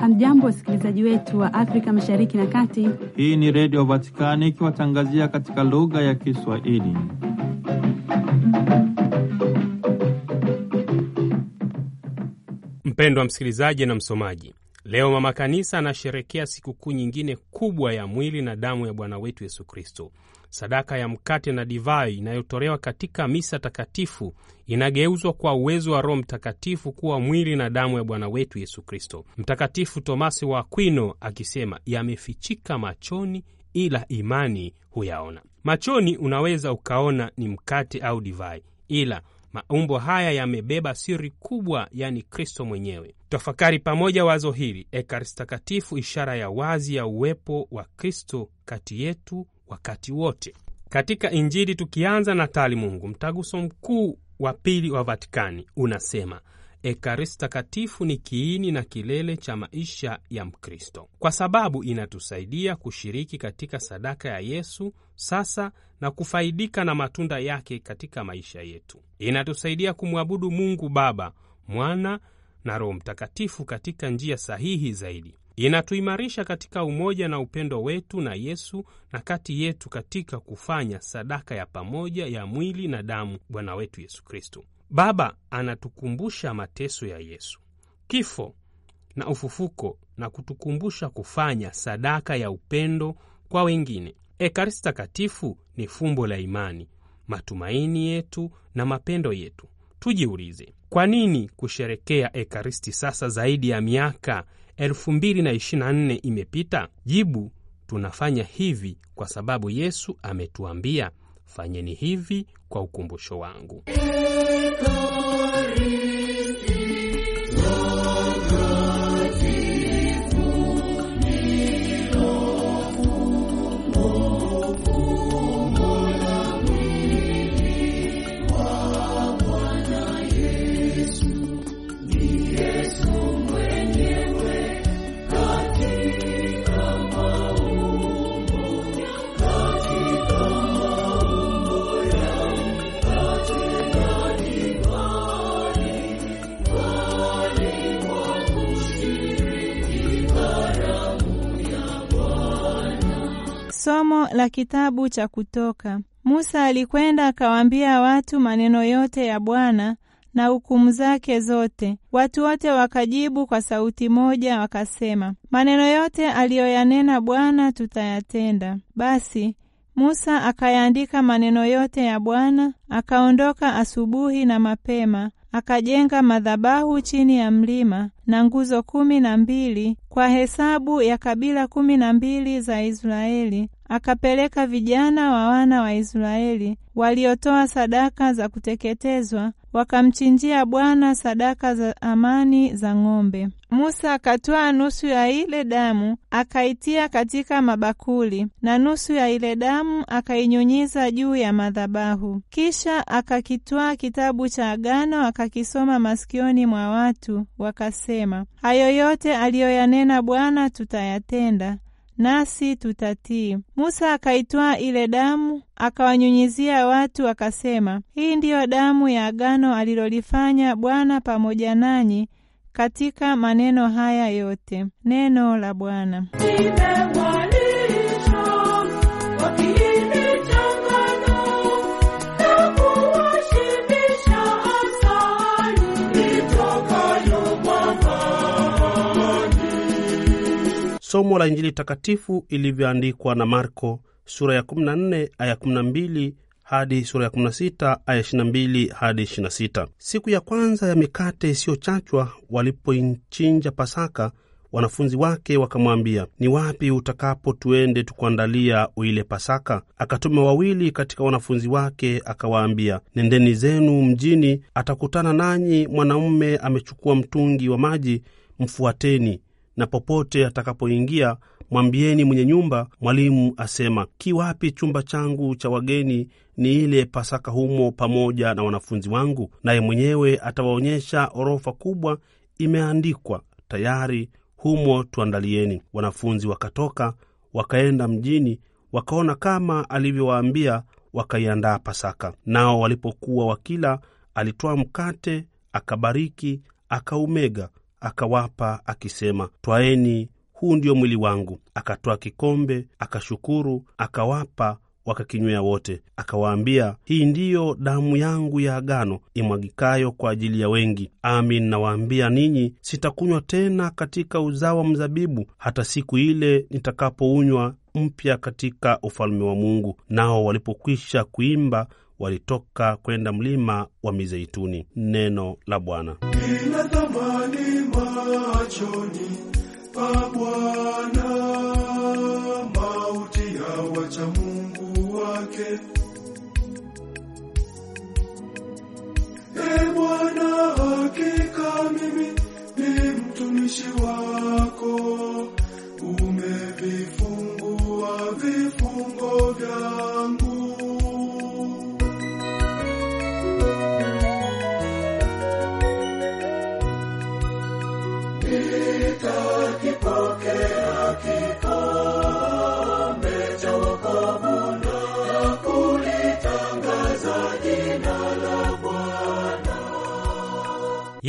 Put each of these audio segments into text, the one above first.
Hamjambo, wasikilizaji wetu wa Afrika mashariki na kati. Hii ni Redio Vatikani ikiwatangazia katika lugha ya Kiswahili. Mpendwa msikilizaji na msomaji, leo Mama Kanisa anasherekea sikukuu nyingine kubwa ya mwili na damu ya Bwana wetu Yesu Kristo sadaka ya mkate na divai inayotolewa katika misa takatifu inageuzwa kwa uwezo wa Roho Mtakatifu kuwa mwili na damu ya Bwana wetu Yesu Kristo. Mtakatifu Tomasi wa Akwino akisema, yamefichika machoni, ila imani huyaona. Machoni unaweza ukaona ni mkate au divai, ila maumbo haya yamebeba siri kubwa, yani Kristo mwenyewe. Tafakari pamoja wazo hili: Ekaristi takatifu, ishara ya wazi ya uwepo wa Kristo kati yetu wakati wote. Katika Injili, tukianza na taalimungu, mtaguso mkuu wa pili wa Vatikani unasema Ekaristi takatifu ni kiini na kilele cha maisha ya Mkristo kwa sababu inatusaidia kushiriki katika sadaka ya Yesu sasa na kufaidika na matunda yake katika maisha yetu. Inatusaidia kumwabudu Mungu Baba, Mwana na Roho Mtakatifu katika njia sahihi zaidi inatuimarisha katika umoja na upendo wetu na Yesu na kati yetu katika kufanya sadaka ya pamoja ya mwili na damu Bwana wetu Yesu Kristo. Baba anatukumbusha mateso ya Yesu, kifo na ufufuko na kutukumbusha kufanya sadaka ya upendo kwa wengine. Ekaristi Takatifu ni fumbo la imani, matumaini yetu na mapendo yetu. Tujiulize, kwa nini kusherekea Ekaristi sasa zaidi ya miaka 2024 imepita? Jibu, tunafanya hivi kwa sababu Yesu ametuambia, fanyeni hivi kwa ukumbusho wangu. Somo la kitabu cha Kutoka. Musa alikwenda akawaambia watu maneno yote ya Bwana na hukumu zake zote. Watu wote wakajibu kwa sauti moja, wakasema, maneno yote aliyoyanena Bwana tutayatenda. Basi Musa akayaandika maneno yote ya Bwana, akaondoka asubuhi na mapema akajenga madhabahu chini ya mlima na nguzo kumi na mbili kwa hesabu ya kabila kumi na mbili za Israeli. Akapeleka vijana wa wana wa Israeli waliotoa sadaka za kuteketezwa wakamchinjia Bwana sadaka za amani za ng'ombe. Musa akatwaa nusu ya ile damu akaitia katika mabakuli, na nusu ya ile damu akainyunyiza juu ya madhabahu. Kisha akakitwaa kitabu cha agano akakisoma masikioni mwa watu, wakasema, hayo yote aliyoyanena Bwana tutayatenda nasi tutatii. Musa akaitwaa ile damu akawanyunyizia watu, akasema, hii ndiyo damu ya agano alilolifanya Bwana pamoja nanyi katika maneno haya yote. Neno la Bwana. somo la Injili takatifu ilivyoandikwa na Marko sura ya 14 aya 12 hadi sura ya 16 aya 22 hadi 26. Siku ya kwanza ya mikate isiyochachwa walipoichinja Pasaka, wanafunzi wake wakamwambia, ni wapi utakapo tuende tukuandalia uile Pasaka? Akatuma wawili katika wanafunzi wake, akawaambia, nendeni zenu mjini, atakutana nanyi mwanaume amechukua mtungi wa maji, mfuateni na popote atakapoingia mwambieni mwenye nyumba, mwalimu asema, kiwapi chumba changu cha wageni ni ile Pasaka humo pamoja na wanafunzi wangu? Naye mwenyewe atawaonyesha orofa kubwa, imeandikwa tayari, humo tuandalieni. Wanafunzi wakatoka wakaenda mjini, wakaona kama alivyowaambia, wakaiandaa Pasaka. Nao walipokuwa wakila, alitoa mkate, akabariki, akaumega, akawapa akisema, twaeni, huu ndio mwili wangu. akatoa kikombe, akashukuru, akawapa wakakinywea wote. Akawaambia, hii ndiyo damu yangu ya agano imwagikayo kwa ajili ya wengi. Amin nawaambia ninyi, sitakunywa tena katika uzao wa mzabibu hata siku ile nitakapounywa mpya katika ufalme wa Mungu. Nao walipokwisha kuimba walitoka kwenda mlima wa Mizeituni. Neno la Bwana. Ina thamani machoni pa Bwana, mauti ya wacha Mungu wake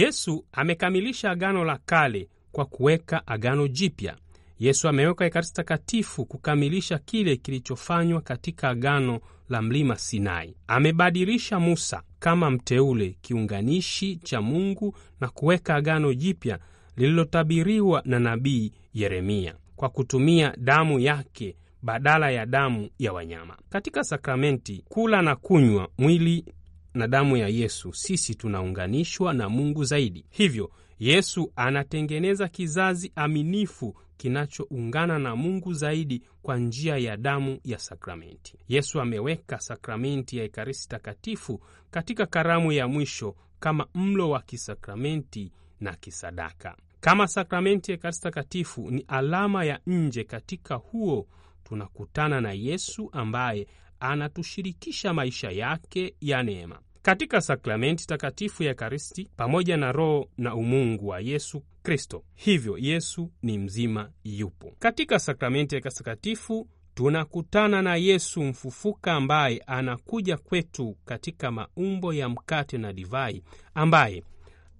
Yesu amekamilisha agano la kale kwa kuweka agano jipya. Yesu ameweka Ekaristi Takatifu kukamilisha kile kilichofanywa katika agano la mlima Sinai. Amebadilisha Musa kama mteule, kiunganishi cha Mungu, na kuweka agano jipya lililotabiriwa na nabii Yeremia kwa kutumia damu yake badala ya damu ya wanyama. Katika sakramenti kula na kunywa, mwili na damu ya Yesu sisi tunaunganishwa na Mungu zaidi. Hivyo Yesu anatengeneza kizazi aminifu kinachoungana na Mungu zaidi kwa njia ya damu ya sakramenti. Yesu ameweka sakramenti ya Ekaristi Takatifu katika karamu ya mwisho kama mlo wa kisakramenti na kisadaka. Kama sakramenti ya Ekaristi Takatifu ni alama ya nje, katika huo tunakutana na Yesu ambaye anatushirikisha maisha yake ya neema katika sakramenti takatifu ya Ekaristi pamoja na Roho na umungu wa Yesu Kristo. Hivyo Yesu ni mzima yupo. Katika sakramenti ya takatifu tunakutana na Yesu mfufuka ambaye anakuja kwetu katika maumbo ya mkate na divai, ambaye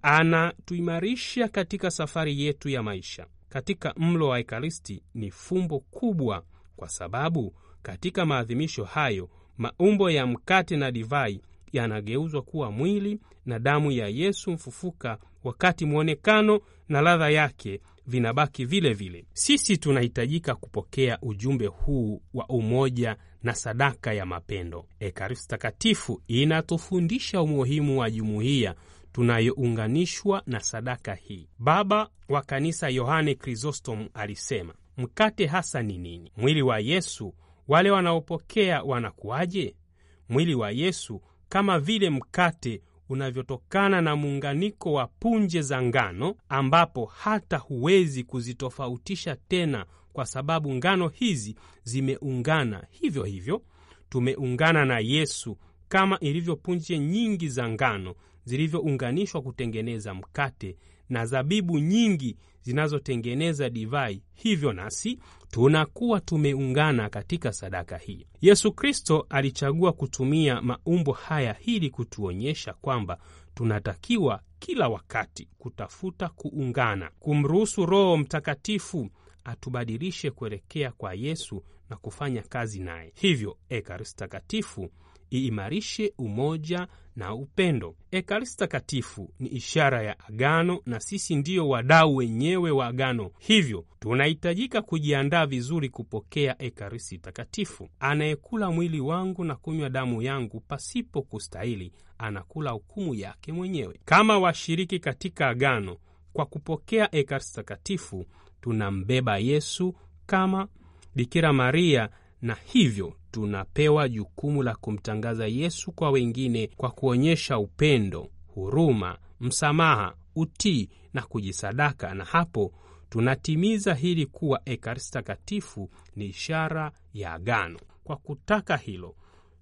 anatuimarisha katika safari yetu ya maisha. Katika mlo wa Ekaristi ni fumbo kubwa, kwa sababu katika maadhimisho hayo, maumbo ya mkate na divai yanageuzwa kuwa mwili na damu ya Yesu mfufuka, wakati mwonekano na ladha yake vinabaki vile vile. Sisi tunahitajika kupokea ujumbe huu wa umoja na sadaka ya mapendo. Ekaristi Takatifu inatufundisha umuhimu wa jumuiya tunayounganishwa na sadaka hii. Baba wa Kanisa Yohane Krisostom alisema, mkate hasa ni nini? Mwili wa Yesu wale wanaopokea wanakuwaje? Mwili wa Yesu kama vile mkate unavyotokana na muunganiko wa punje za ngano, ambapo hata huwezi kuzitofautisha tena, kwa sababu ngano hizi zimeungana. Hivyo hivyo tumeungana na Yesu kama ilivyo punje nyingi za ngano zilivyounganishwa kutengeneza mkate na zabibu nyingi zinazotengeneza divai, hivyo nasi tunakuwa tumeungana katika sadaka hii. Yesu Kristo alichagua kutumia maumbo haya ili kutuonyesha kwamba tunatakiwa kila wakati kutafuta kuungana, kumruhusu Roho Mtakatifu atubadilishe kuelekea kwa Yesu na kufanya kazi naye. Hivyo Ekaristi Takatifu iimarishe umoja na upendo. Ekaristi Takatifu ni ishara ya agano, na sisi ndiyo wadau wenyewe wa agano, hivyo tunahitajika kujiandaa vizuri kupokea Ekaristi Takatifu. Anayekula mwili wangu na kunywa damu yangu pasipo kustahili, anakula hukumu yake mwenyewe. Kama washiriki katika agano, kwa kupokea Ekaristi Takatifu tunambeba Yesu kama Bikira Maria na hivyo tunapewa jukumu la kumtangaza Yesu kwa wengine kwa kuonyesha upendo, huruma, msamaha, utii na kujisadaka, na hapo tunatimiza hili kuwa Ekaristi Takatifu ni ishara ya agano. Kwa kutaka hilo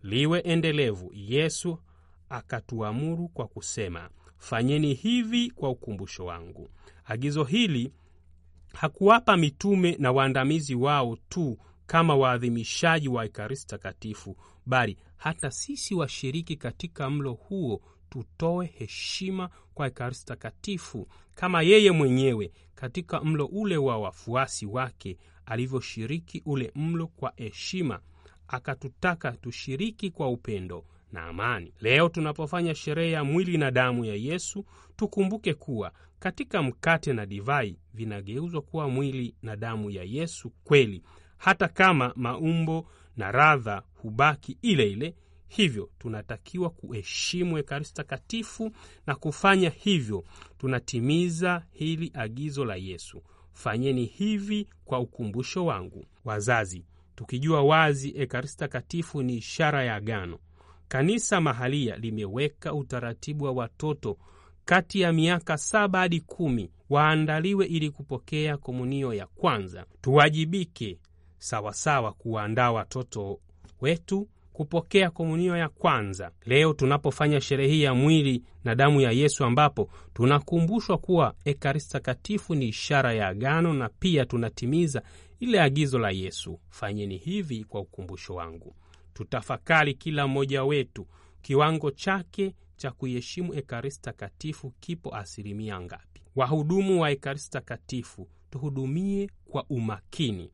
liwe endelevu, Yesu akatuamuru kwa kusema, fanyeni hivi kwa ukumbusho wangu. Agizo hili hakuwapa mitume na waandamizi wao tu kama waadhimishaji wa Ekaristi Takatifu, bali hata sisi washiriki katika mlo huo tutoe heshima kwa Ekaristi Takatifu kama yeye mwenyewe katika mlo ule wa wafuasi wake alivyoshiriki ule mlo kwa heshima, akatutaka tushiriki kwa upendo na amani. Leo tunapofanya sherehe ya mwili na damu ya Yesu, tukumbuke kuwa katika mkate na divai vinageuzwa kuwa mwili na damu ya Yesu kweli, hata kama maumbo na radha hubaki ile ile. Hivyo tunatakiwa kuheshimu Ekaristi Takatifu, na kufanya hivyo tunatimiza hili agizo la Yesu, fanyeni hivi kwa ukumbusho wangu. Wazazi, tukijua wazi Ekaristi Takatifu ni ishara ya agano, kanisa mahalia limeweka utaratibu wa watoto kati ya miaka saba hadi kumi waandaliwe ili kupokea komunio ya kwanza. Tuwajibike sawasawa kuwaandaa watoto wetu kupokea komunio ya kwanza leo tunapofanya sherehe hii ya mwili na damu ya Yesu, ambapo tunakumbushwa kuwa Ekaristi Takatifu ni ishara ya agano, na pia tunatimiza ile agizo la Yesu, fanyeni hivi kwa ukumbusho wangu. Tutafakari kila mmoja wetu kiwango chake cha kuiheshimu Ekaristi Takatifu kipo asilimia ngapi? Wahudumu wa Ekaristi Takatifu, tuhudumie kwa umakini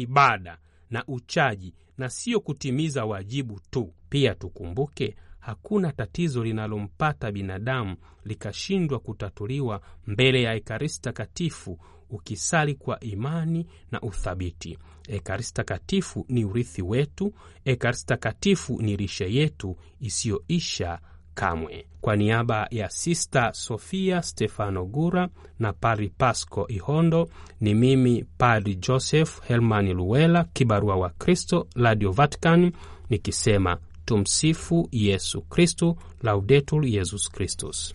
ibada na uchaji na sio kutimiza wajibu tu. Pia tukumbuke hakuna tatizo linalompata binadamu likashindwa kutatuliwa mbele ya Ekaristi Takatifu ukisali kwa imani na uthabiti. Ekaristi Takatifu ni urithi wetu. Ekaristi Takatifu ni lishe yetu isiyoisha Kamwe. Kwa niaba ya Sista Sofia Stefano Gura na Padri Pasco Ihondo, ni mimi Padri Joseph Helmani luela kibarua wa Kristo, Radio Vatican, nikisema tumsifu Yesu Kristu, laudetur Yesus Kristus.